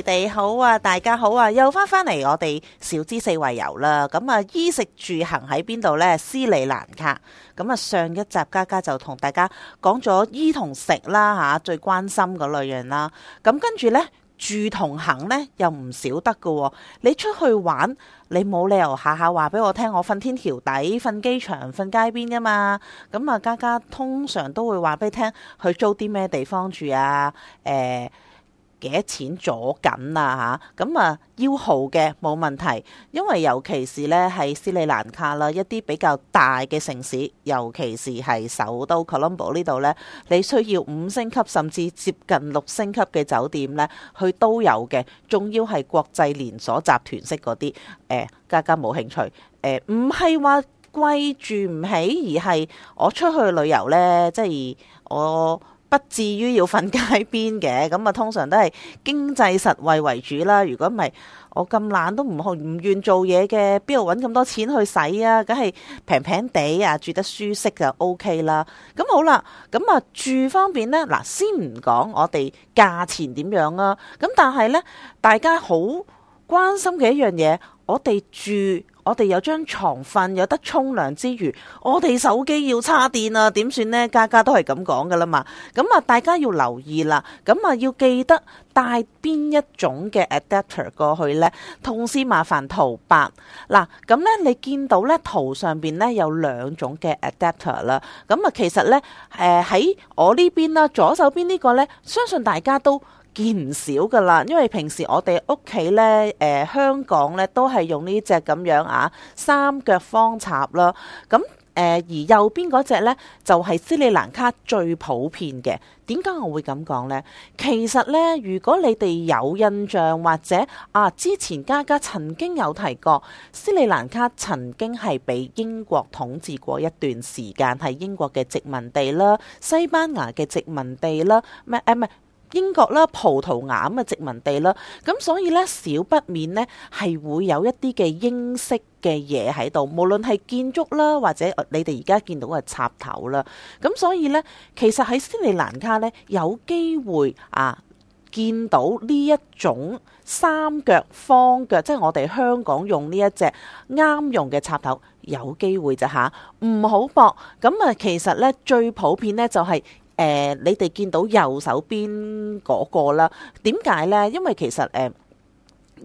你哋好啊，大家好啊，又翻返嚟我哋小資四圍遊啦。咁啊，衣食住行喺邊度呢？斯里蘭卡。咁啊，上一集嘉嘉就同大家講咗衣同食啦，吓、啊、最關心嘅類型啦。咁跟住呢，住同行呢，又唔少得㗎、啊。你出去玩，你冇理由下下話俾我聽，我瞓天橋底、瞓機場、瞓街邊㗎嘛。咁啊，嘉嘉通常都會話俾你聽，去租啲咩地方住啊？誒、欸。幾多錢阻緊呀吓？咁啊，要號嘅冇問題，因為尤其是咧係斯里蘭卡啦，一啲比較大嘅城市，尤其是係首都 c o l 科倫坡，呢度咧，你需要五星級甚至接近六星級嘅酒店咧，佢都有嘅，仲要係國際連鎖集團式嗰啲，誒嘉嘉冇興趣，誒唔係話貴住唔起，而係我出去旅遊咧，即係我。不至於要瞓街邊嘅，咁啊通常都係經濟實惠為主啦。如果唔係，我咁懶都唔去唔願做嘢嘅，邊度揾咁多錢去使啊？梗係平平地啊，住得舒適就 OK 啦。咁好啦，咁啊住方面呢？嗱先唔講我哋價錢點樣啦，啊。咁但係呢，大家好關心嘅一樣嘢，我哋住。我哋有張床瞓，有得沖涼之餘，我哋手機要插電啊，點算呢？嘉嘉都係咁講噶啦嘛。咁啊，大家要留意啦。咁啊，要記得帶邊一種嘅 adapter 過去呢？同時麻煩圖八嗱，咁咧你見到咧圖上邊咧有兩種嘅 adapter 啦。咁啊，其實咧，誒、呃、喺我呢邊啦，左手邊呢、這個咧，相信大家都。見唔少㗎喇，因為平時我哋屋企咧，誒、呃、香港咧都係用呢隻咁樣啊，三腳方插啦。咁、啊、誒，而右邊嗰隻咧就係、是、斯里蘭卡最普遍嘅。點解我會咁講咧？其實咧，如果你哋有印象或者啊，之前嘉嘉曾經有提過，斯里蘭卡曾經係畀英國統治過一段時間，係英國嘅殖民地啦，西班牙嘅殖民地啦，唔係唔係。啊啊啊啊英國啦、葡萄牙嘅殖民地啦，咁所以咧少不免咧係會有一啲嘅英式嘅嘢喺度，無論係建築啦，或者你哋而家見到嘅插頭啦，咁所以咧其實喺斯里蘭卡咧有機會啊見到呢一種三腳方腳，即係我哋香港用呢一隻啱用嘅插頭，有機會咋吓？唔好搏。咁啊，其實咧最普遍咧就係。誒、呃，你哋見到右手邊嗰、那個啦？點解呢？因為其實誒、呃、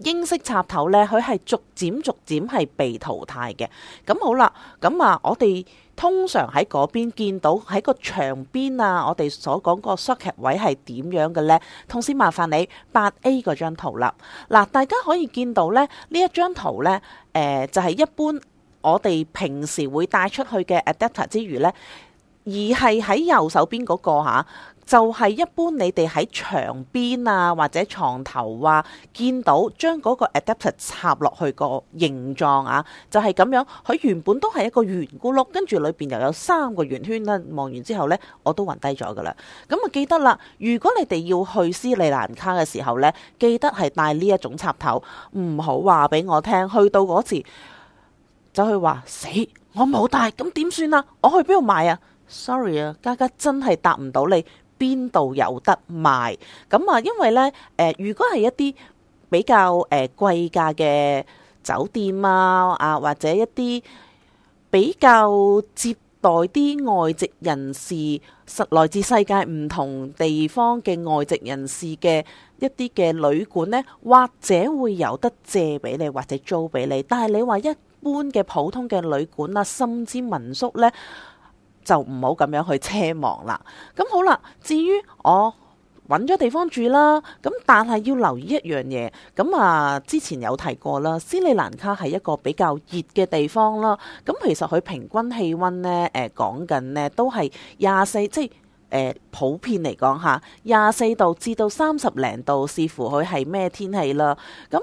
英式插頭呢，佢係逐漸逐漸係被淘汰嘅。咁、嗯、好啦，咁、嗯、啊，我哋通常喺嗰邊見到喺個牆邊啊，我哋所講個 socket 位係點樣嘅呢？通先麻煩你八 A 嗰張圖啦。嗱、呃，大家可以見到呢，呢一張圖呢，誒、呃、就係、是、一般我哋平時會帶出去嘅 adapter 之餘呢。而係喺右手邊嗰個吓，就係一般你哋喺牆邊啊或者床頭啊見到將嗰個 adapter 插落去個形狀啊，就係咁樣。佢原本都係一個圓咕碌，跟住裏邊又有三個圓圈咧。望完之後呢，我都暈低咗噶啦。咁啊，記得啦，如果你哋要去斯里蘭卡嘅時候呢，記得係帶呢一種插頭，唔好話俾我聽，去到嗰時走去話死，我冇帶，咁點算啊？我去邊度買啊？Sorry 啊，嘉嘉真係答唔到你邊度有得賣咁啊！因為呢，誒、呃，如果係一啲比較誒貴價嘅酒店啊，啊或者一啲比較接待啲外籍人士，實來自世界唔同地方嘅外籍人士嘅一啲嘅旅館呢，或者會有得借俾你，或者租俾你。但係你話一般嘅普通嘅旅館啊，甚至民宿呢。就唔好咁樣去奢望啦。咁好啦，至於我揾咗地方住啦，咁但係要留意一樣嘢。咁啊，之前有提過啦，斯里蘭卡係一個比較熱嘅地方啦。咁其實佢平均氣温呢，誒講緊呢都係廿四，即係誒普遍嚟講嚇，廿四度至到三十零度，視乎佢係咩天氣啦。咁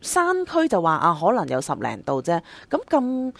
山區就話啊，可能有十零度啫。咁咁。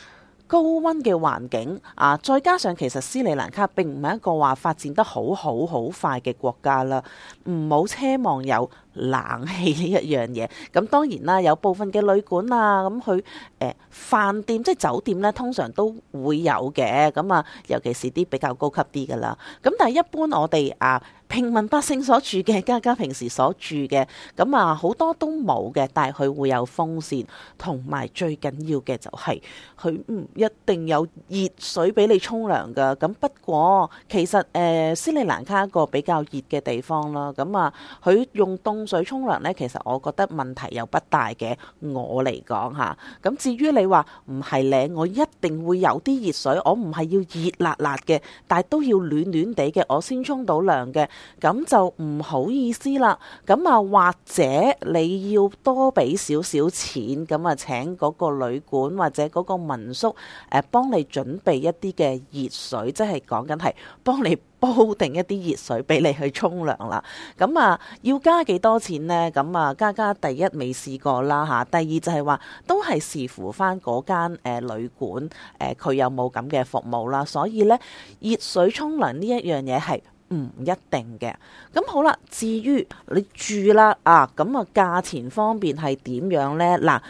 高温嘅環境啊，再加上其實斯里蘭卡並唔係一個話發展得好好好快嘅國家啦，唔好奢望有冷氣呢一樣嘢，咁當然啦，有部分嘅旅館啊，咁佢誒飯店即係酒店呢，通常都會有嘅。咁啊，尤其是啲比較高級啲㗎啦。咁但係一般我哋啊，平民百姓所住嘅，嘉嘉平時所住嘅，咁啊好多都冇嘅。但係佢會有風扇，同埋最緊要嘅就係佢唔一定有熱水俾你沖涼㗎。咁不過其實誒、呃，斯里蘭卡一個比較熱嘅地方啦。咁、嗯、啊，佢用冬水沖涼呢，其實我覺得問題又不大嘅。我嚟講吓，咁至於你話唔係咧，我一定會有啲熱水。我唔係要熱辣辣嘅，但係都要暖暖地嘅，我先沖到涼嘅。咁就唔好意思啦。咁啊，或者你要多俾少少錢，咁啊，請嗰個旅館或者嗰個民宿誒，幫你準備一啲嘅熱水，即係講緊係幫你。煲定一啲熱水俾你去沖涼啦。咁啊，要加幾多錢呢？咁啊，嘉嘉第一未試過啦嚇。第二就係、是、話，都係視乎翻嗰間旅館誒，佢、呃呃呃、有冇咁嘅服務啦。所以呢，熱水沖涼呢一樣嘢係唔一定嘅。咁好啦，至於你住啦啊，咁啊，價錢方面係點樣呢？嗱，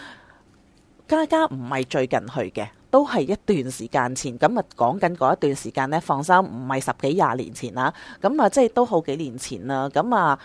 嘉嘉唔係最近去嘅。都係一段時間前，咁啊講緊嗰一段時間呢，放心唔係十幾廿年前啦，咁啊即係都好幾年前啦，咁啊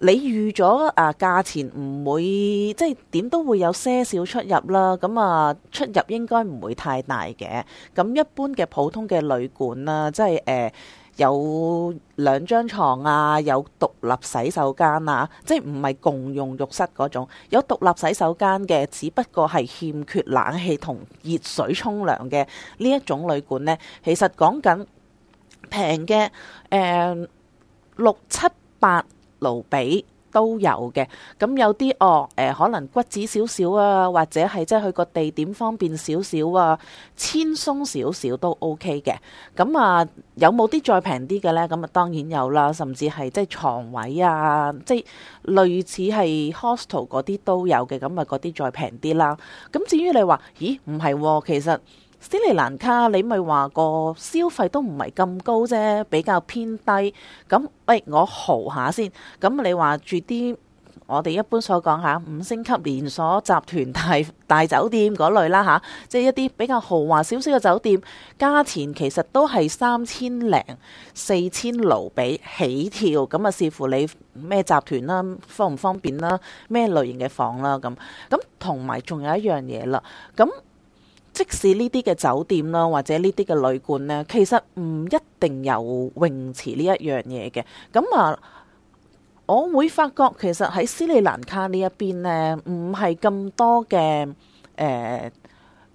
你預咗啊，價錢唔會即係點都會有些少出入啦，咁啊出入應該唔會太大嘅，咁一般嘅普通嘅旅館啦，即係誒。呃有兩張床啊，有獨立洗手間啊，即係唔係共用浴室嗰種，有獨立洗手間嘅，只不過係欠缺冷氣同熱水沖涼嘅呢一種旅館呢。其實講緊平嘅，誒六七八盧比。6, 7, 都有嘅，咁有啲哦，誒、呃、可能骨子少少啊，或者係即係去個地點方便少少啊，輕鬆少少都 OK 嘅。咁啊，有冇啲再平啲嘅呢？咁啊，當然有啦，甚至係即係床位啊，即係類似係 hostel 嗰啲都有嘅，咁啊，嗰啲再平啲啦。咁至於你話，咦，唔係喎，其實。斯里蘭卡你咪話個消費都唔係咁高啫，比較偏低。咁喂、哎，我豪下先。咁你話住啲我哋一般所講吓五星級連鎖集團大大酒店嗰類啦吓，即、啊、係、即係、一啲比較豪華少少嘅酒店，價錢其實都係三千零四千盧比起跳。咁啊，視乎你咩集團啦、啊，方唔方便啦、啊，咩類型嘅房啦、啊、咁。咁同埋仲有一樣嘢啦，咁。即使呢啲嘅酒店啦，或者呢啲嘅旅館呢，其實唔一定有泳池呢一樣嘢嘅。咁啊，我會發覺其實喺斯里蘭卡呢一邊呢，唔係咁多嘅誒。呃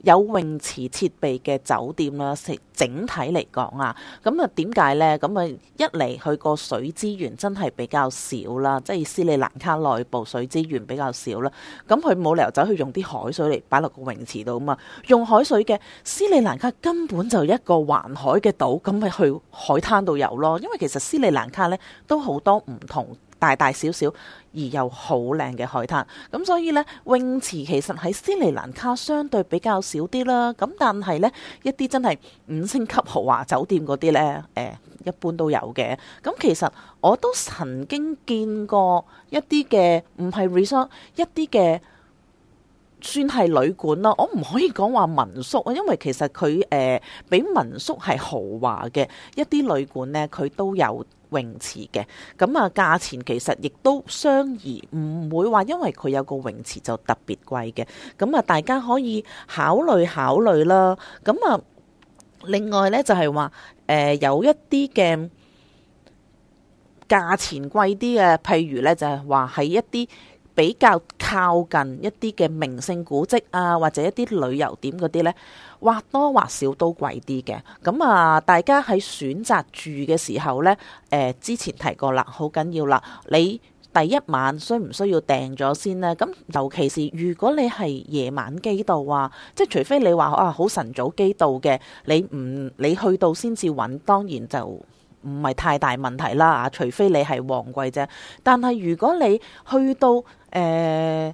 有泳池設備嘅酒店啦，成整體嚟講啊，咁啊點解呢？咁啊一嚟佢個水資源真係比較少啦，即係斯里蘭卡內部水資源比較少啦。咁佢冇理由走去用啲海水嚟擺落個泳池度啊嘛。用海水嘅，斯里蘭卡根本就一個環海嘅島，咁咪去海灘度游咯。因為其實斯里蘭卡呢，都好多唔同。大大小小而又好靚嘅海灘，咁所以呢，泳池其實喺斯里蘭卡相對比較少啲啦。咁但係呢，一啲真係五星級豪華酒店嗰啲呢，誒、欸、一般都有嘅。咁其實我都曾經見過一啲嘅唔係 resort，一啲嘅算係旅館啦。我唔可以講話民宿啊，因為其實佢誒、呃、比民宿係豪華嘅一啲旅館呢，佢都有。泳池嘅咁啊，價錢其實亦都相宜，唔會話因為佢有個泳池就特別貴嘅。咁啊，大家可以考慮考慮啦。咁啊，另外呢，就係話，誒，呃，有一啲嘅價錢貴啲嘅，譬如呢，就係話喺一啲，比較靠近一啲嘅名勝古蹟啊，或者一啲旅遊點嗰啲呢，或多或少都貴啲嘅。咁啊，大家喺選擇住嘅時候呢，誒、呃、之前提過啦，好緊要啦。你第一晚需唔需要訂咗先呢？咁尤其是如果你係夜晚機到啊，即係除非你話啊好晨早機到嘅，你唔你去到先至揾，當然就唔係太大問題啦，除非你係旺季啫，但係如果你去到，誒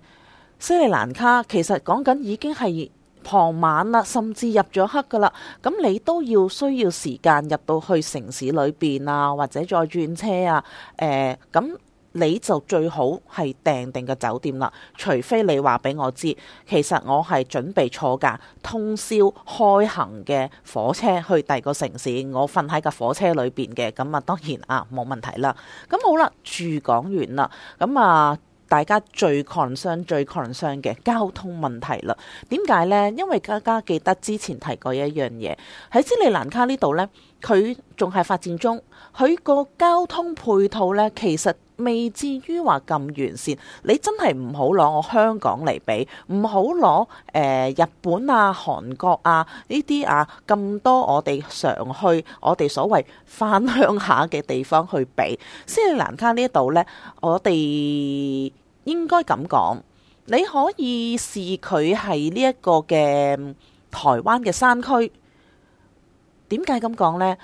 斯里蘭卡其實講緊已經係傍晚啦，甚至入咗黑噶啦。咁你都要需要時間入到去城市裏邊啊，或者再轉車啊。誒咁你就最好係訂定個酒店啦。除非你話俾我知，其實我係準備坐架通宵開行嘅火車去第二個城市，我瞓喺個火車裏邊嘅。咁啊，當然啊，冇問題啦。咁好啦，住港完啦。咁啊～大家最 concern、最 concern 嘅交通問題啦。點解咧？因為嘉嘉記得之前提過一樣嘢，喺斯里蘭卡呢度咧，佢仲係發展中，佢個交通配套咧其實。未至於話咁完善，你真係唔好攞我香港嚟比，唔好攞誒日本啊、韓國啊呢啲啊咁多我哋常去、我哋所謂返鄉下嘅地方去比。斯里蘭卡呢度呢，我哋應該咁講，你可以視佢係呢一個嘅台灣嘅山區。點解咁講呢？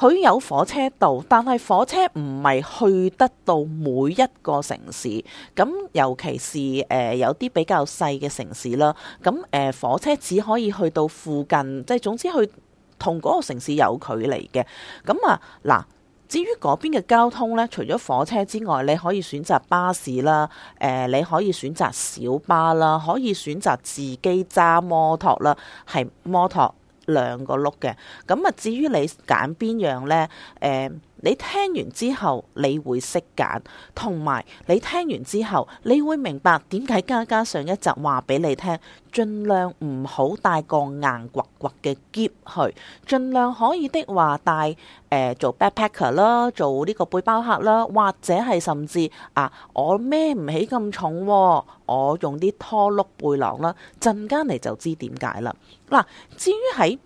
佢有火車道，但係火車唔係去得到每一個城市，咁尤其是誒有啲比較細嘅城市啦，咁誒火車只可以去到附近，即係總之去同嗰個城市有距離嘅。咁啊，嗱，至於嗰邊嘅交通呢，除咗火車之外，你可以選擇巴士啦，誒，你可以選擇小巴啦，可以選擇自己揸摩托啦，係摩托。兩個碌嘅，咁啊至於你揀邊樣咧？誒、呃。你聽完之後，你會識揀，同埋你聽完之後，你會明白點解嘉嘉上一集話俾你聽，盡量唔好帶個硬骨骨嘅喼去，盡量可以的話帶誒做 backpacker 啦，做呢、er, 個背包客啦，或者係甚至啊，我孭唔起咁重、啊，我用啲拖碌背囊啦，陣間你就知點解啦。嗱，至於喺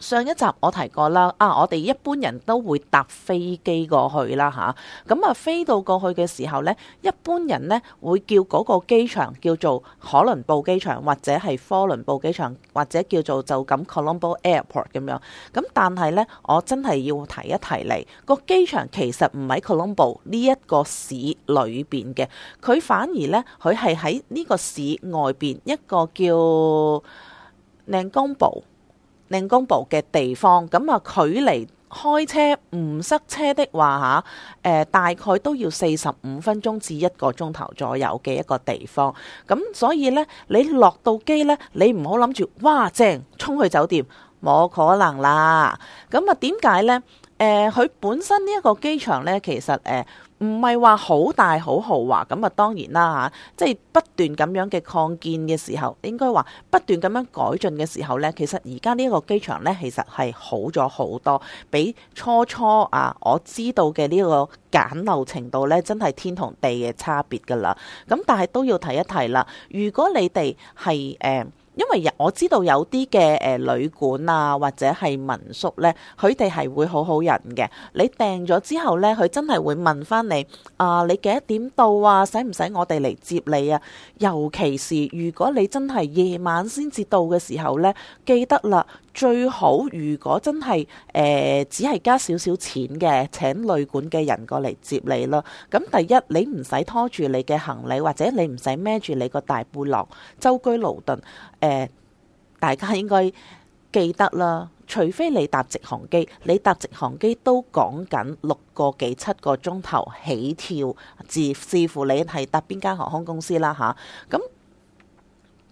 上一集我提過啦，啊，我哋一般人都會搭飛機過去啦吓，咁啊飛到過去嘅時候呢，一般人呢會叫嗰個機場叫做可倫布機場，或者係科倫布機場，或者叫做就咁 Colombo Airport 咁樣。咁但係呢，我真係要提一提你個機場其實唔喺 Colombo 呢一個市裏邊嘅，佢反而呢，佢係喺呢個市外邊一個叫靚江堡，令公部嘅地方，咁啊，距離開車唔塞車的話吓誒、呃、大概都要四十五分鐘至一個鐘頭左右嘅一個地方。咁、嗯、所以呢，你落到機呢，你唔好諗住哇正衝去酒店，冇可能啦。咁、嗯、啊，點解呢？誒、呃，佢本身呢一個機場呢，其實誒。呃唔係話好大好豪華，咁啊當然啦吓，即係不斷咁樣嘅擴建嘅時候，應該話不斷咁樣改進嘅時候呢，其實而家呢個機場呢，其實係好咗好多，比初初啊我知道嘅呢個簡陋程度呢，真係天同地嘅差別噶啦。咁但係都要提一提啦，如果你哋係誒。呃因為我知道有啲嘅誒旅館啊，或者係民宿呢，佢哋係會好好人嘅。你訂咗之後呢，佢真係會問翻你啊，你幾多點到啊？使唔使我哋嚟接你啊？尤其是如果你真係夜晚先至到嘅時候呢，記得啦。最好如果真係誒、呃，只係加少少錢嘅請旅館嘅人過嚟接你啦。咁第一，你唔使拖住你嘅行李，或者你唔使孭住你個大背囊，舟車勞頓，誒、呃，大家應該記得啦。除非你搭直航機，你搭直航機都講緊六個幾七個鐘頭起跳，至視乎你係搭邊間航空公司啦吓，咁、啊啊啊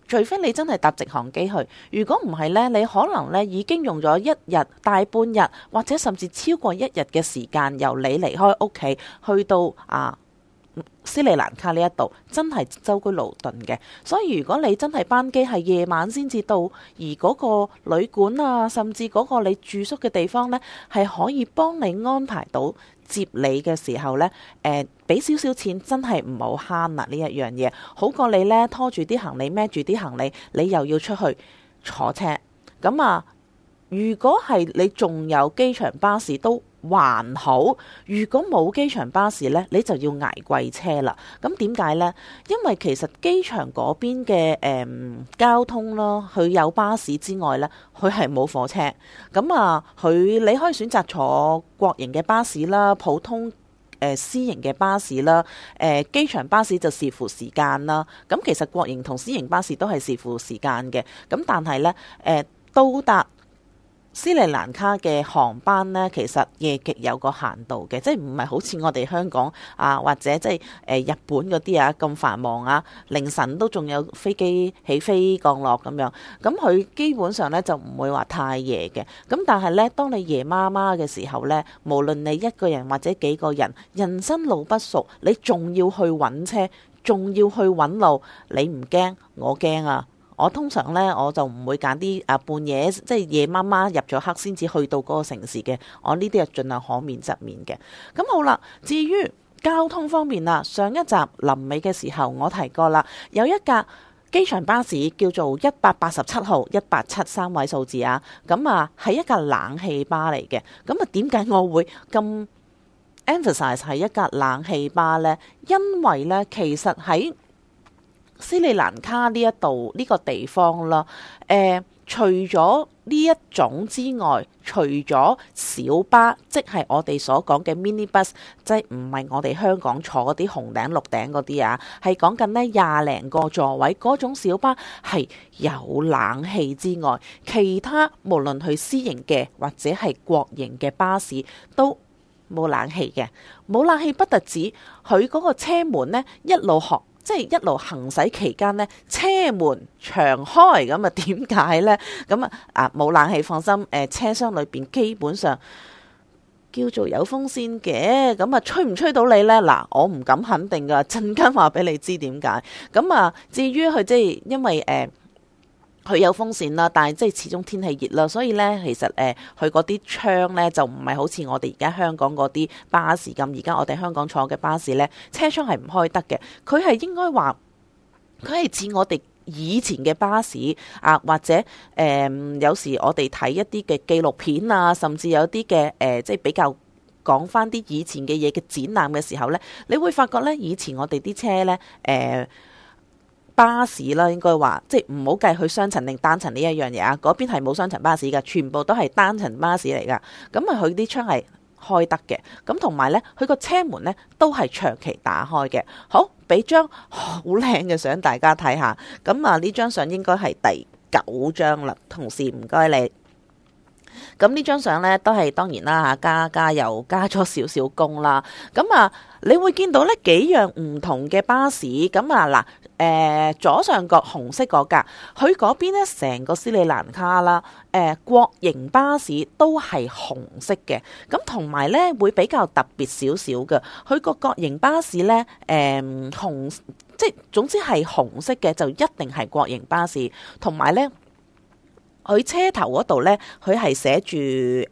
除非你真係搭直航機去，如果唔係呢，你可能呢已經用咗一日大半日，或者甚至超過一日嘅時間由你離開屋企去到啊。斯里蘭卡呢一度真係舟車勞頓嘅，所以如果你真係班機係夜晚先至到，而嗰個旅館啊，甚至嗰個你住宿嘅地方呢，係可以幫你安排到接你嘅時候呢，誒、呃，俾少少錢真係唔好慳啊！呢一樣嘢好過你呢拖住啲行李孭住啲行李，你又要出去坐車。咁啊，如果係你仲有機場巴士都。還好，如果冇機場巴士呢，你就要捱貴車啦。咁點解呢？因為其實機場嗰邊嘅誒、嗯、交通咯，佢有巴士之外呢，佢係冇火車。咁、嗯、啊，佢你可以選擇坐國營嘅巴士啦、普通誒、呃、私營嘅巴士啦、誒、呃、機場巴士就視乎時間啦。咁、嗯、其實國營同私營巴士都係視乎時間嘅。咁、嗯、但係呢，誒、呃、到達。斯里蘭卡嘅航班呢，其實夜極有個限度嘅，即係唔係好似我哋香港啊，或者即係誒日本嗰啲啊咁繁忙啊，凌晨都仲有飛機起飛降落咁樣。咁佢基本上呢，就唔會話太夜嘅。咁但係呢，當你夜媽媽嘅時候呢，無論你一個人或者幾個人，人生路不熟，你仲要去揾車，仲要去揾路，你唔驚，我驚啊！我通常咧，我就唔會揀啲啊半夜，即係夜媽媽入咗黑先至去到嗰個城市嘅。我呢啲係儘量可免則免嘅。咁好啦，至於交通方面啦，上一集臨尾嘅時候我提過啦，有一架機場巴士叫做一百八十七號一八七三位數字啊。咁啊，係一架冷氣巴嚟嘅。咁啊，點解我會咁 emphasize 係一架冷氣巴呢？因為呢，其實喺斯里蘭卡呢一度呢、這個地方啦，誒、呃，除咗呢一種之外，除咗小巴，即係我哋所講嘅 mini bus，即係唔係我哋香港坐嗰啲紅頂綠頂嗰啲啊，係講緊呢廿零個座位嗰種小巴係有冷氣之外，其他無論佢私營嘅或者係國營嘅巴士都冇冷氣嘅，冇冷氣不特止，佢嗰個車門呢一路殼。即係一路行駛期間呢，車門長開咁啊？點解呢？咁啊啊冇冷氣，放心誒，車廂裏邊基本上叫做有風扇嘅，咁啊吹唔吹到你呢？嗱，啊，我唔敢肯定噶，陣間話俾你知點解。咁啊，至於佢即係因為誒。呃佢有風扇啦，但係即係始終天氣熱啦，所以呢，其實誒佢嗰啲窗呢，就唔係好似我哋而家香港嗰啲巴士咁。而家我哋香港坐嘅巴士呢，車窗係唔開得嘅。佢係應該話，佢係似我哋以前嘅巴士啊，或者誒、呃、有時我哋睇一啲嘅紀錄片啊，甚至有啲嘅誒即係比較講返啲以前嘅嘢嘅展覽嘅時候呢，你會發覺呢，以前我哋啲車呢。誒、呃。巴士啦，應該話即係唔好計佢雙層定單層呢一樣嘢啊！嗰邊係冇雙層巴士嘅，全部都係單層巴士嚟㗎。咁啊，佢啲窗係開得嘅，咁同埋咧，佢個車門咧都係長期打開嘅。好，俾張好靚嘅相大家睇下。咁啊，呢張相應該係第九張啦。同事唔該你。咁呢張相咧，都係當然啦嚇，嘉嘉又加咗少少工啦。咁啊，你會見到呢幾樣唔同嘅巴士。咁啊嗱，誒、呃、左上角紅色嗰格，佢嗰邊咧成個斯里蘭卡啦，誒、呃、國營巴士都係紅色嘅。咁同埋咧會比較特別少少嘅，佢個國營巴士咧誒、呃、紅，即係總之係紅色嘅就一定係國營巴士，同埋咧。佢車頭嗰度咧，佢係寫住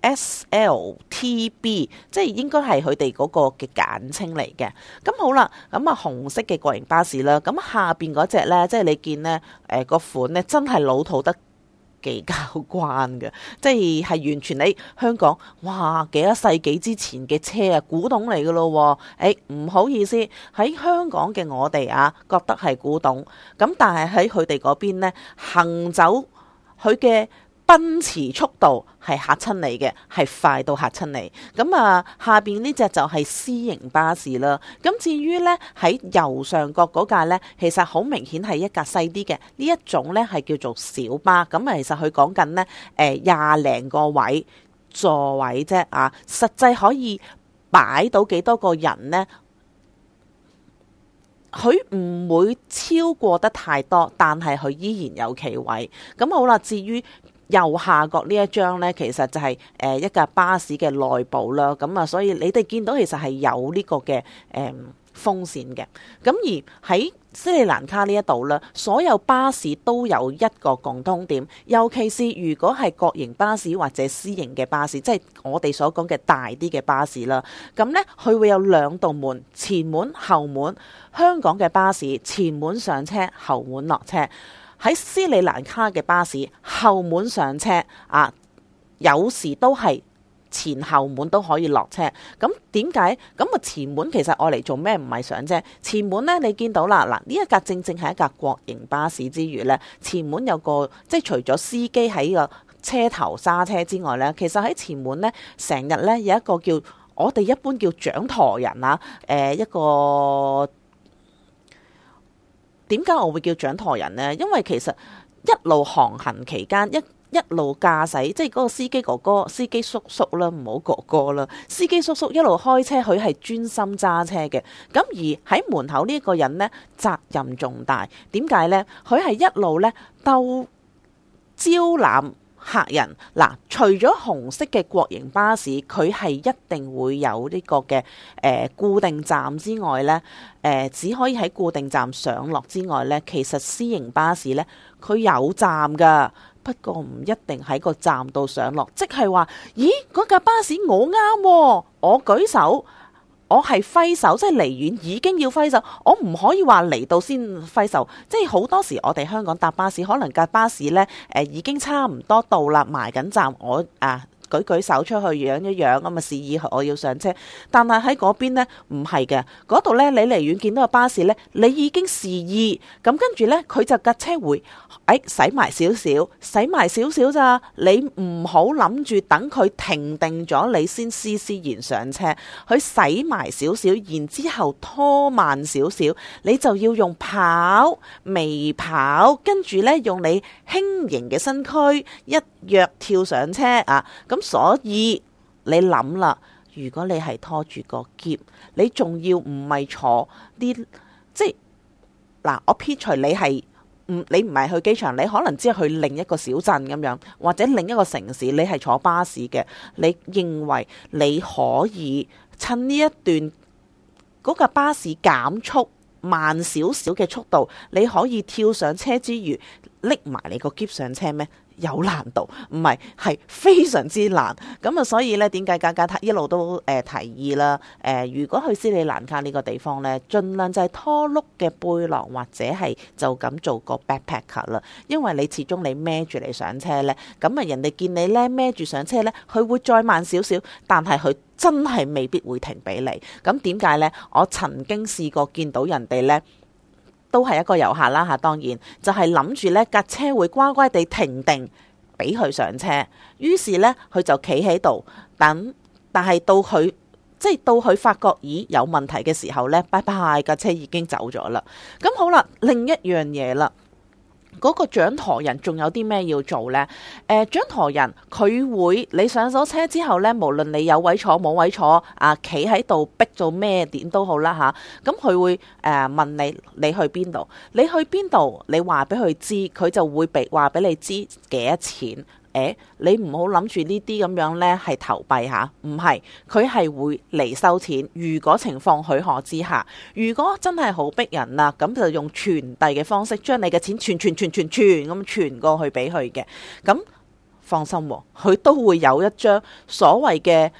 SLTB，即係應該係佢哋嗰個嘅簡稱嚟嘅。咁好啦，咁、嗯、啊紅色嘅國營巴士啦，咁、嗯、下邊嗰隻咧，即係你見咧，誒、呃、個款咧真係老土得幾交關嘅，即係係完全喺香港哇幾多世紀之前嘅車啊，古董嚟㗎咯喎！誒、哎、唔好意思，喺香港嘅我哋啊覺得係古董，咁但係喺佢哋嗰邊咧行走。佢嘅奔馳速度係嚇親你嘅，係快到嚇親你。咁啊，下邊呢隻就係私營巴士啦。咁至於呢，喺右上角嗰架呢，其實好明顯係一架細啲嘅。呢一種呢，係叫做小巴。咁啊，其實佢講緊呢，誒廿零個位座位啫啊，實際可以擺到幾多個人呢？佢唔會超過得太多，但係佢依然有企位。咁好啦，至於右下角呢一張呢，其實就係、是、誒、呃、一架巴士嘅內部啦。咁、呃、啊，所以你哋見到其實係有呢個嘅誒，呃風扇嘅，咁而喺斯里蘭卡呢一度呢，所有巴士都有一個共通點，尤其是如果係國營巴士或者私營嘅巴士，即係我哋所講嘅大啲嘅巴士啦，咁呢，佢會有兩道門，前門後門。香港嘅巴士前門上車，後門落車；喺斯里蘭卡嘅巴士後門上車，啊有時都係。前後門都可以落車，咁點解？咁啊前門其實我嚟做咩？唔係上啫。前門呢，你見到啦，嗱呢一架正正係一架國營巴士之餘呢，前門有個即係除咗司機喺個車頭揸車之外呢，其實喺前門呢，成日呢有一個叫我哋一般叫掌舵人啊，誒、呃、一個點解我會叫掌舵人呢？因為其實一路航行期間一一路駕駛，即係嗰個司機哥哥、司機叔叔啦，唔好哥哥啦，司機叔叔一路開車，佢係專心揸車嘅。咁而喺門口呢一個人呢，責任重大。點解呢？佢係一路咧都招攬客人嗱。除咗紅色嘅國營巴士，佢係一定會有呢個嘅誒、呃、固定站之外呢，誒、呃、只可以喺固定站上落之外呢，其實私營巴士呢，佢有站㗎。不過唔一定喺個站度上，上落，即係話，咦，嗰架巴士我啱、哦，我舉手，我係揮手，即係離遠已經要揮手，我唔可以話嚟到先揮手，即係好多時我哋香港搭巴士，可能架巴士呢誒、呃、已經差唔多到喇埋緊站，我啊。舉舉手出去，樣一樣咁啊，示意我要上車。但係喺嗰邊呢，唔係嘅。嗰度呢，你離遠見到個巴士呢，你已經示意。咁跟住呢，佢就架車會，誒、哎，駛埋少少，駛埋少少咋？你唔好諗住等佢停定咗，你先思思然上車。佢駛埋少少，然之後拖慢少少，你就要用跑，微跑，跟住呢，用你輕盈嘅身軀一。約跳上車啊，咁所以你諗啦，如果你係拖住個喼，你仲要唔係坐啲即係嗱，我撇除你係唔你唔係去機場，你可能只係去另一個小鎮咁樣，或者另一個城市，你係坐巴士嘅，你認為你可以趁呢一段嗰架，那個、巴士減速慢少少嘅速度，你可以跳上車之餘拎埋你個喼上車咩？有難度，唔係係非常之難咁啊！所以咧，點解嘉嘉一路都誒提議啦？誒、呃，如果去斯里蘭卡呢個地方咧，儘量就係拖碌嘅背囊，或者係就咁做個 backpacker 啦。因為你始終你孭住你上車咧，咁啊人哋見你咧孭住上車咧，佢會再慢少少，但係佢真係未必會停俾你。咁點解咧？我曾經試過見到人哋咧。都係一個遊客啦吓、啊，當然就係諗住呢架車會乖乖地停定俾佢上車，於是呢，佢就企喺度等，但係到佢即係到佢發覺咦有問題嘅時候呢，拜拜架車已經走咗啦。咁好啦，另一樣嘢啦。嗰個掌舵人仲有啲咩要做呢？誒、呃，掌舵人佢會你上咗車之後呢，無論你有位坐冇位坐，呃、啊，企喺度逼做咩點都好啦吓，咁佢會誒問你，你去邊度？你去邊度？你話俾佢知，佢就會俾話俾你知幾多錢。誒、哎，你唔好諗住呢啲咁樣呢係投幣吓，唔係佢係會嚟收錢。如果情況許可之下，如果真係好逼人啦，咁就用傳遞嘅方式，將你嘅錢傳傳傳傳傳咁傳過去俾佢嘅。咁放心、啊，佢都會有一張所謂嘅。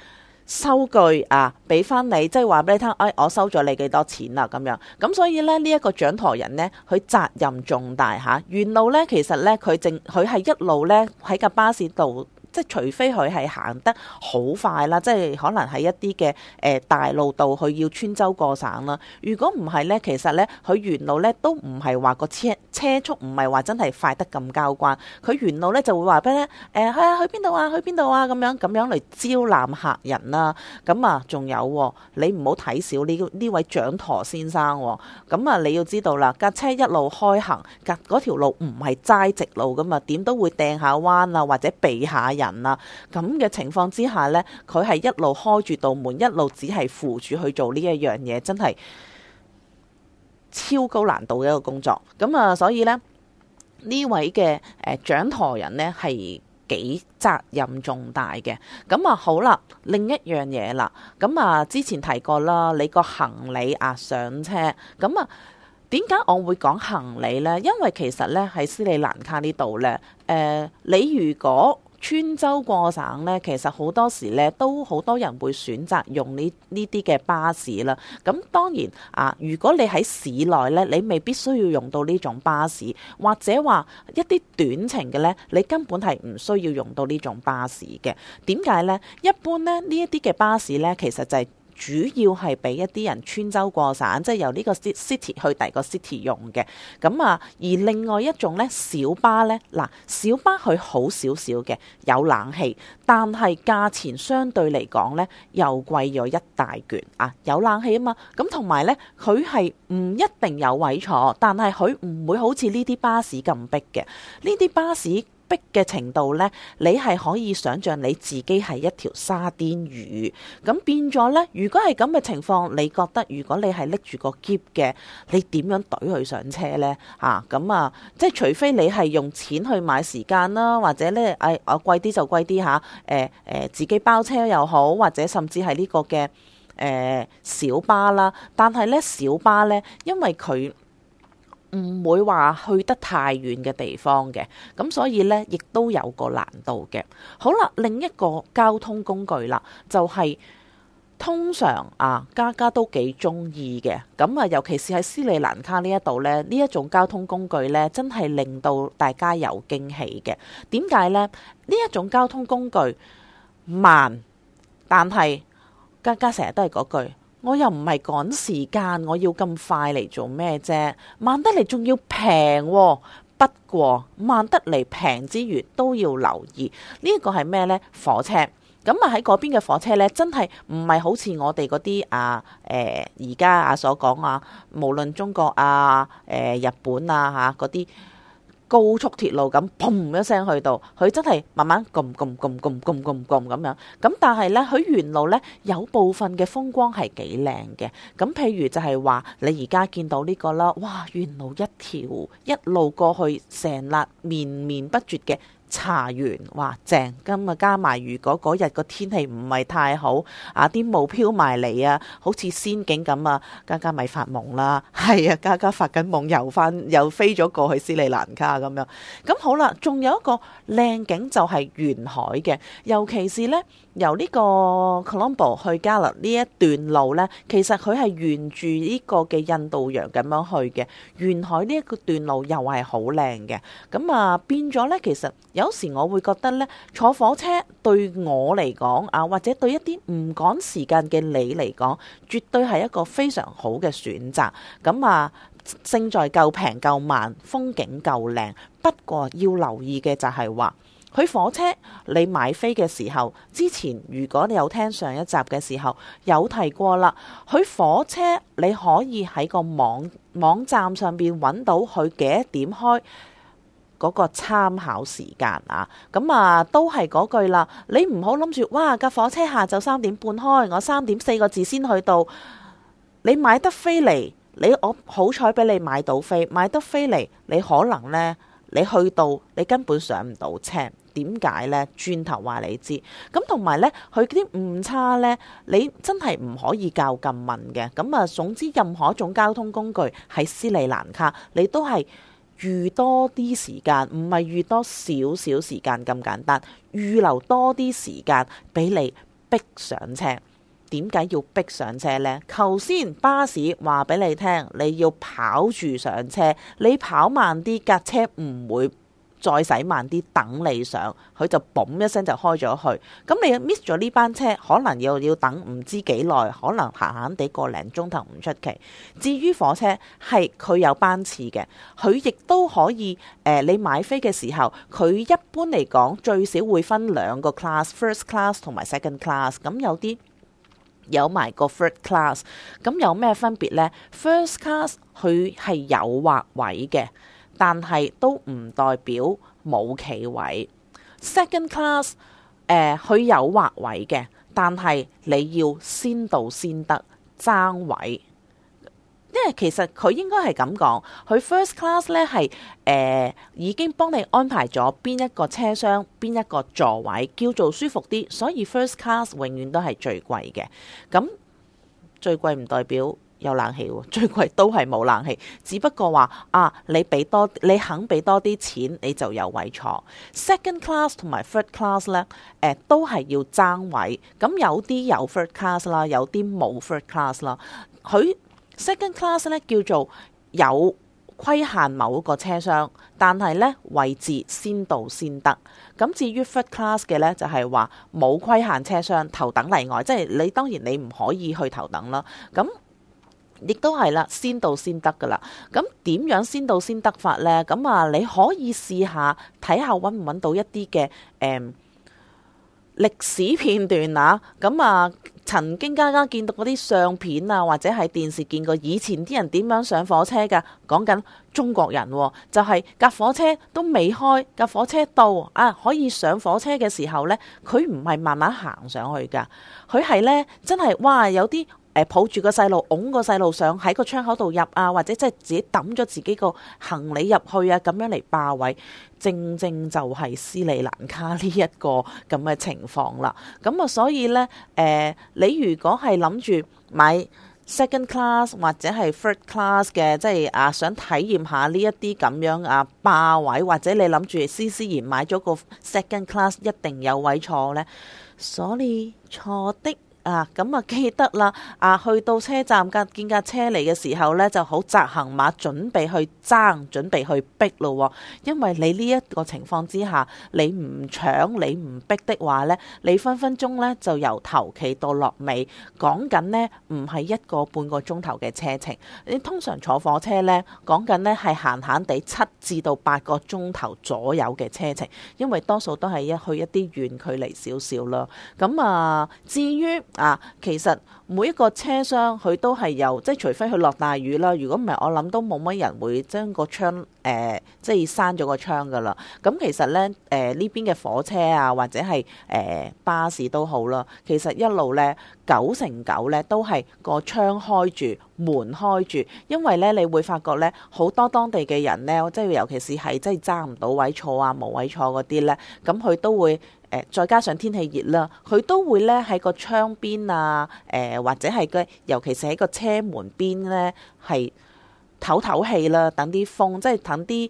收據啊，俾翻你，即係話俾你聽，哎，我收咗你幾多錢啦、啊、咁樣，咁所以咧呢一、這個掌舵人咧，佢責任重大嚇。原、啊、路咧，其實咧佢正，佢係一路咧喺架巴士度。即除非佢係行得好快啦，即係可能喺一啲嘅，誒、大路度去要穿州過省啦。如果唔係咧，其實咧佢沿路咧都唔係話個車車速唔係話真係快得咁交關，佢沿路咧就會話俾你誒、呃、去啊去邊度啊去邊度啊咁樣咁樣嚟招攬客人啦。咁啊仲有、哦、你唔好睇少呢呢位掌舵先生、哦。咁啊你要知道啦，架車一路開行，架嗰條路唔係齋直路噶嘛，點都會掟下彎啊或者避下人。咁嘅情況之下呢，佢係一路開住道門，一路只係扶住去做呢一樣嘢，真係超高難度嘅一個工作。咁啊，所以呢，呢位嘅誒、呃、掌舵人呢係幾責任重大嘅。咁啊，好啦，另一樣嘢啦，咁啊，之前提過啦，你個行李啊上車。咁啊，點解我會講行李呢？因為其實呢，喺斯里蘭卡呢度呢，誒、呃，你如果穿州過省咧，其實好多時咧都好多人會選擇用呢呢啲嘅巴士啦。咁當然啊，如果你喺市內咧，你未必需要用到呢種巴士，或者話一啲短程嘅咧，你根本係唔需要用到呢種巴士嘅。點解咧？一般咧呢一啲嘅巴士咧，其實就係、是。主要係俾一啲人穿州過省，即係由呢個 city 去第二個 city 用嘅咁啊。而另外一種呢，小巴呢，嗱，小巴佢好少少嘅有冷氣，但係價錢相對嚟講呢，又貴咗一大橛啊。有冷氣啊嘛，咁同埋呢，佢係唔一定有位坐，但係佢唔會好似呢啲巴士咁逼嘅呢啲巴士。逼嘅程度呢，你係可以想像你自己係一條沙甸魚，咁變咗呢，如果係咁嘅情況，你覺得如果你係拎住個篋嘅，你點樣懟佢上車呢？嚇、啊、咁啊，即係除非你係用錢去買時間啦，或者呢，誒、哎，我貴啲就貴啲嚇。誒、啊、誒、呃，自己包車又好，或者甚至係呢個嘅誒、呃、小巴啦。但係呢，小巴呢，因為佢。唔會話去得太遠嘅地方嘅，咁所以呢，亦都有個難度嘅。好啦，另一個交通工具啦，就係通常啊，家家都幾中意嘅。咁啊，尤其是喺斯里蘭卡呢一度呢，呢一種交通工具呢，真係令到大家有驚喜嘅。點解呢？呢一種交通工具慢，但係家家成日都係嗰句。我又唔係趕時間，我要咁快嚟做咩啫？慢得嚟仲要平。哦，不過慢得嚟平之餘都要留意呢，呢個係咩呢？火車。咁啊，喺嗰邊嘅火車呢？真係唔係好似我哋嗰啲啊，誒而家啊，所講啊，無論中國啊，誒、呃、日本啊吓，嗰啲。啊高速鐵路咁，砰一聲去到，佢真係慢慢咁咁咁咁咁咁咁咁樣。咁但係咧，佢沿路咧有部分嘅風光係幾靚嘅。咁譬如就係話，你而家見到呢個啦，哇！沿路一條一路過去，成粒綿綿不絕嘅。查完話，正，今啊，加埋如果嗰日個天氣唔係太好啊，啲霧飄埋嚟啊，好似仙境咁啊，家家咪發夢啦，係啊，家家發緊夢，遊翻又飛咗過去斯里蘭卡咁樣。咁好啦，仲有一個靚景就係沿海嘅，尤其是呢，由呢個 Colombo 去加勒呢一段路呢，其實佢係沿住呢個嘅印度洋咁樣去嘅，沿海呢一段路又係好靚嘅。咁啊變咗呢，其實～有時我會覺得咧，坐火車對我嚟講啊，或者對一啲唔趕時間嘅你嚟講，絕對係一個非常好嘅選擇。咁啊，勝在夠平夠慢，風景夠靚。不過要留意嘅就係話，佢火車你買飛嘅時候，之前如果你有聽上一集嘅時候，有提過啦。佢火車你可以喺個網網站上邊揾到佢幾點開。嗰個參考時間啊，咁啊都係嗰句啦。你唔好諗住哇，架火車下晝三點半開，我三點四個字先去到。你買得飛嚟，你我好彩俾你買到飛。買得飛嚟，你可能呢，你去到你根本上唔到車。點解呢？轉頭話你知。咁同埋呢，佢啲誤差呢，你真係唔可以較咁問嘅。咁啊，總之任何一種交通工具喺斯里蘭卡，你都係。預多啲時間，唔係預多少少時間咁簡單，預留多啲時間俾你逼上車。點解要逼上車呢？頭先巴士話俾你聽，你要跑住上車，你跑慢啲，架車唔會。再使慢啲等你上，佢就嘣一聲就開咗去。咁你 miss 咗呢班車，可能又要，要等唔知幾耐，可能閒閒地個零鐘頭唔出奇。至於火車，係佢有班次嘅，佢亦都可以誒、呃。你買飛嘅時候，佢一般嚟講最少會分兩個 class，first class 同埋 second class。咁有啲有埋個 third class。咁有咩分別呢？first class，佢係有劃位嘅。但係都唔代表冇企位。Second class，誒、呃、佢有劃位嘅，但係你要先到先得爭位。因為其實佢應該係咁講，佢 first class 咧係誒已經幫你安排咗邊一個車廂、邊一個座位，叫做舒服啲。所以 first class 永遠都係最貴嘅。咁最貴唔代表。有冷氣喎，最貴都係冇冷氣。只不過話啊，你俾多，你肯俾多啲錢，你就有位坐。Second class 同埋 Third class 咧，誒、呃、都係要爭位。咁有啲有 Third class 啦，有啲冇 Third class 啦。佢 Second class 咧叫做有規限某個車廂，但係咧位置先到先得。咁至於 Third class 嘅咧，就係話冇規限車廂，頭等例外。即係你當然你唔可以去頭等啦。咁亦都係啦，先到先得噶啦。咁點樣先到先得法呢？咁啊，你可以試下睇下，揾唔揾到一啲嘅誒歷史片段啊？咁啊，曾經嘉嘉見到嗰啲相片啊，或者喺電視見過以前啲人點樣上火車噶？講緊中國人、哦，就係、是、架火車都未開，架火車到啊，可以上火車嘅時候呢，佢唔係慢慢行上去噶，佢係呢，真係哇，有啲～抱住個細路，拱個細路上喺個窗口度入啊，或者即係自己抌咗自己個行李入去啊，咁樣嚟霸位，正正就係斯里蘭卡呢一個咁嘅情況啦。咁啊，所以呢，誒、呃、你如果係諗住買 second class 或者係 third class 嘅，即係啊想體驗下呢一啲咁樣啊霸位，或者你諗住斯斯然買咗個 second class 一定有位坐呢？sorry 錯的。啊，咁啊記得啦！啊，去到車站架見架車嚟嘅時候呢，就好紮行馬，準備去爭，準備去逼咯。因為你呢一個情況之下，你唔搶你唔逼的話呢，你分分鐘呢就由頭企到落尾，講緊呢，唔係一個半個鐘頭嘅車程。你通常坐火車呢，講緊呢係閒閒地七至到八個鐘頭左右嘅車程，因為多數都係一去一啲遠距離少少咯。咁啊，至於，啊，其實每一個車廂佢都係有，即係除非佢落大雨啦，如果唔係，我諗都冇乜人會將個窗誒、呃，即係閂咗個窗噶啦。咁、嗯、其實咧，誒呢邊嘅火車啊，或者係誒、呃、巴士都好啦。其實一路咧，九成九咧都係個窗開住，門開住，因為咧你會發覺咧，好多當地嘅人咧，即係尤其是係真係揸唔到位坐啊，無位坐嗰啲咧，咁、嗯、佢都會。再加上天氣熱啦，佢都會咧喺個窗邊啊，誒、呃、或者係嘅，尤其係喺個車門邊呢，係透透氣啦，等啲風，即係等啲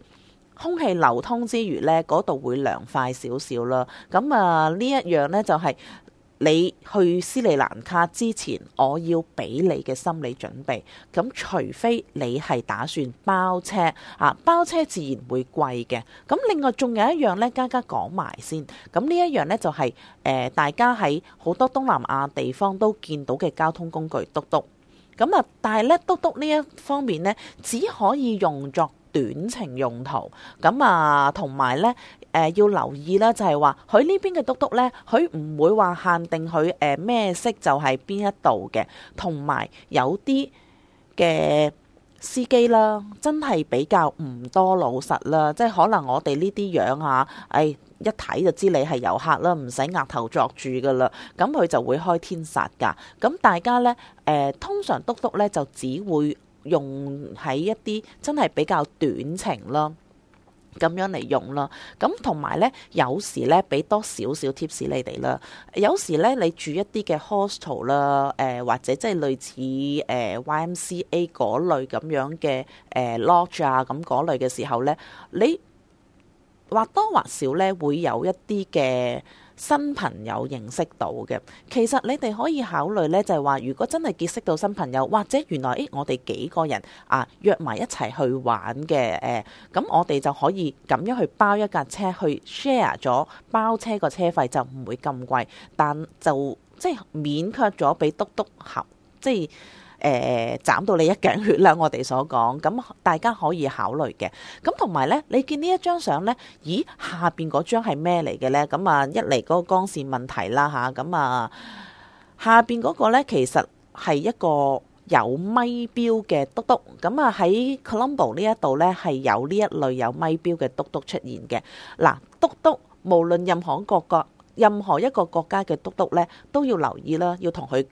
空氣流通之餘呢，嗰度會涼快少少啦。咁啊，呢一樣呢就係、是。你去斯里蘭卡之前，我要俾你嘅心理準備。咁除非你係打算包車，啊包車自然會貴嘅。咁另外仲有一樣呢，嘉嘉講埋先。咁呢一樣呢，就係誒，大家喺好多東南亞地方都見到嘅交通工具嘟嘟。咁啊，但係咧，嘟嘟呢一方面呢，只可以用作短程用途。咁啊，同埋呢。誒、呃、要留意啦，就係話佢呢邊嘅督督咧，佢唔會話限定佢誒咩色就係邊一度嘅，同埋有啲嘅司機啦，真係比較唔多老實啦，即係可能我哋呢啲樣嚇，誒、哎、一睇就知你係遊客啦，唔使額頭作住噶啦，咁佢就會開天殺噶。咁大家咧誒、呃，通常督督咧就只會用喺一啲真係比較短程咯。咁樣嚟用啦，咁同埋呢，有時呢俾多少少 tips 你哋啦。有時呢，你住一啲嘅 hostel 啦、呃，誒或者即係類似誒、呃、YMCA 嗰類咁樣嘅誒、呃、lodge 啊咁嗰類嘅時候呢，你或多或少呢會有一啲嘅新朋友認識到嘅，其實你哋可以考慮呢，就係話如果真係結識到新朋友，或者原來誒我哋幾個人啊約埋一齊去玩嘅誒，咁我哋就可以咁樣去包一架車去 share 咗，包車個車費就唔會咁貴，但就即係勉強咗俾嘟嘟合即係。誒斬到你一頸血啦！我哋所講，咁大家可以考慮嘅。咁同埋咧，你見呢一張相咧，咦下邊嗰張係咩嚟嘅咧？咁啊，一嚟嗰個光線問題啦嚇，咁啊下邊嗰個咧，其實係一個有咪標嘅篤篤。咁啊喺 Colombo 呢一度咧，係有呢一類有咪標嘅篤篤出現嘅。嗱篤篤，無論任何國國任何一個國家嘅篤篤咧，都要留意啦，要同佢，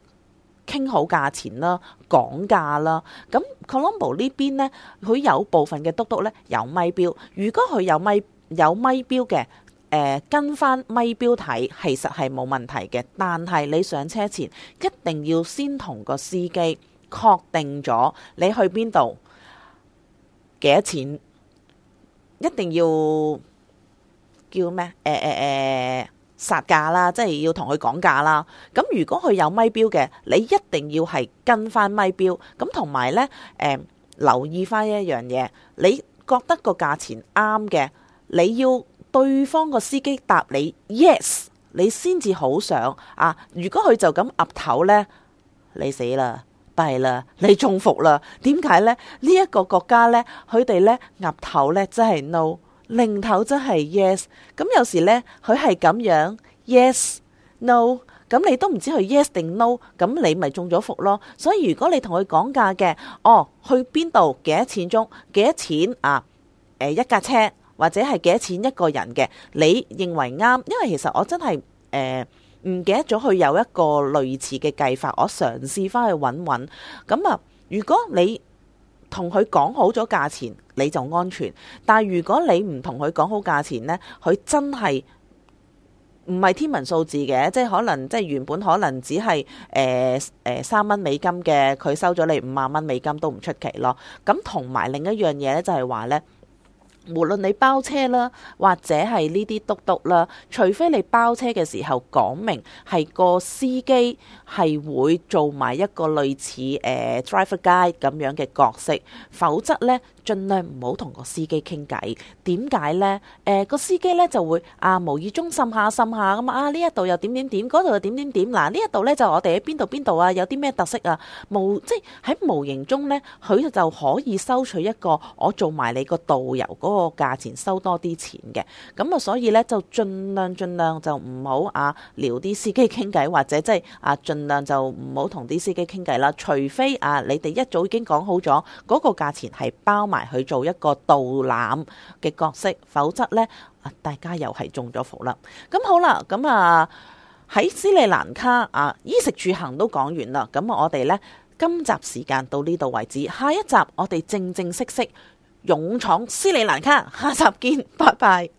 傾好價錢啦，講價啦。咁 Colombo 呢邊呢？佢有部分嘅嘟嘟呢，有咪錶。如果佢有咪有咪錶嘅，誒跟翻咪錶睇，呃，其實係冇問題嘅。但係你上車前，一定要先同個司機確定咗你去邊度幾多錢，一定要叫咩？誒誒誒殺價啦，即係要同佢講價啦。咁如果佢有咪標嘅，你一定要係跟翻咪標。咁同埋呢，誒、呃、留意翻一樣嘢，你覺得個價錢啱嘅，你要對方個司機答你 yes，你先至好上啊。如果佢就咁岌頭呢，你死啦，弊啦，你中伏啦。點解呢？呢、這、一個國家呢，佢哋呢岌頭呢，真係 no。零頭真係 yes，咁有時呢，佢係咁樣 yes，no，咁你都唔知佢 yes 定 no，咁你咪中咗伏咯。所以如果你同佢講價嘅，哦去邊度幾多錢鐘幾多錢啊？誒、呃、一架車或者係幾多錢一個人嘅，你認為啱？因為其實我真係誒唔記得咗佢有一個類似嘅計法，我嘗試翻去揾揾。咁、嗯、啊，如果你。同佢講好咗價錢你就安全，但係如果你唔同佢講好價錢呢，佢真係唔係天文數字嘅，即係可能即係原本可能只係誒誒三蚊美金嘅，佢收咗你五萬蚊美金都唔出奇咯。咁同埋另一樣嘢咧，就係話呢。無論你包車啦，或者係呢啲督督啦，除非你包車嘅時候講明係個司機係會做埋一個類似誒、呃、Driver Guide 咁樣嘅角色，否則呢。盡量唔好同個司機傾偈，點解咧？誒、呃、個司機咧就會啊，無意中滲下滲下咁啊，怎樣怎樣怎樣怎樣啊，呢一度又點點點，嗰度又點點點嗱，呢一度咧就我哋喺邊度、邊度啊，有啲咩特色啊？無即係喺無形中咧，佢就可以收取一個我做埋你個導遊個價錢，收多啲錢嘅。咁啊，所以咧就盡量盡量就唔好啊撩啲司機傾偈，或者即、就、係、是、啊，盡量就唔好同啲司機傾偈啦。除非啊，你哋一早已經講好咗，嗰個價錢係包埋。埋去做一個導覽嘅角色，否則呢，大家又係中咗伏啦。咁好啦，咁啊喺斯里蘭卡啊，衣食住行都講完啦。咁我哋呢，今集時間到呢度為止，下一集我哋正正式式勇闖斯里蘭卡，下集見，拜拜。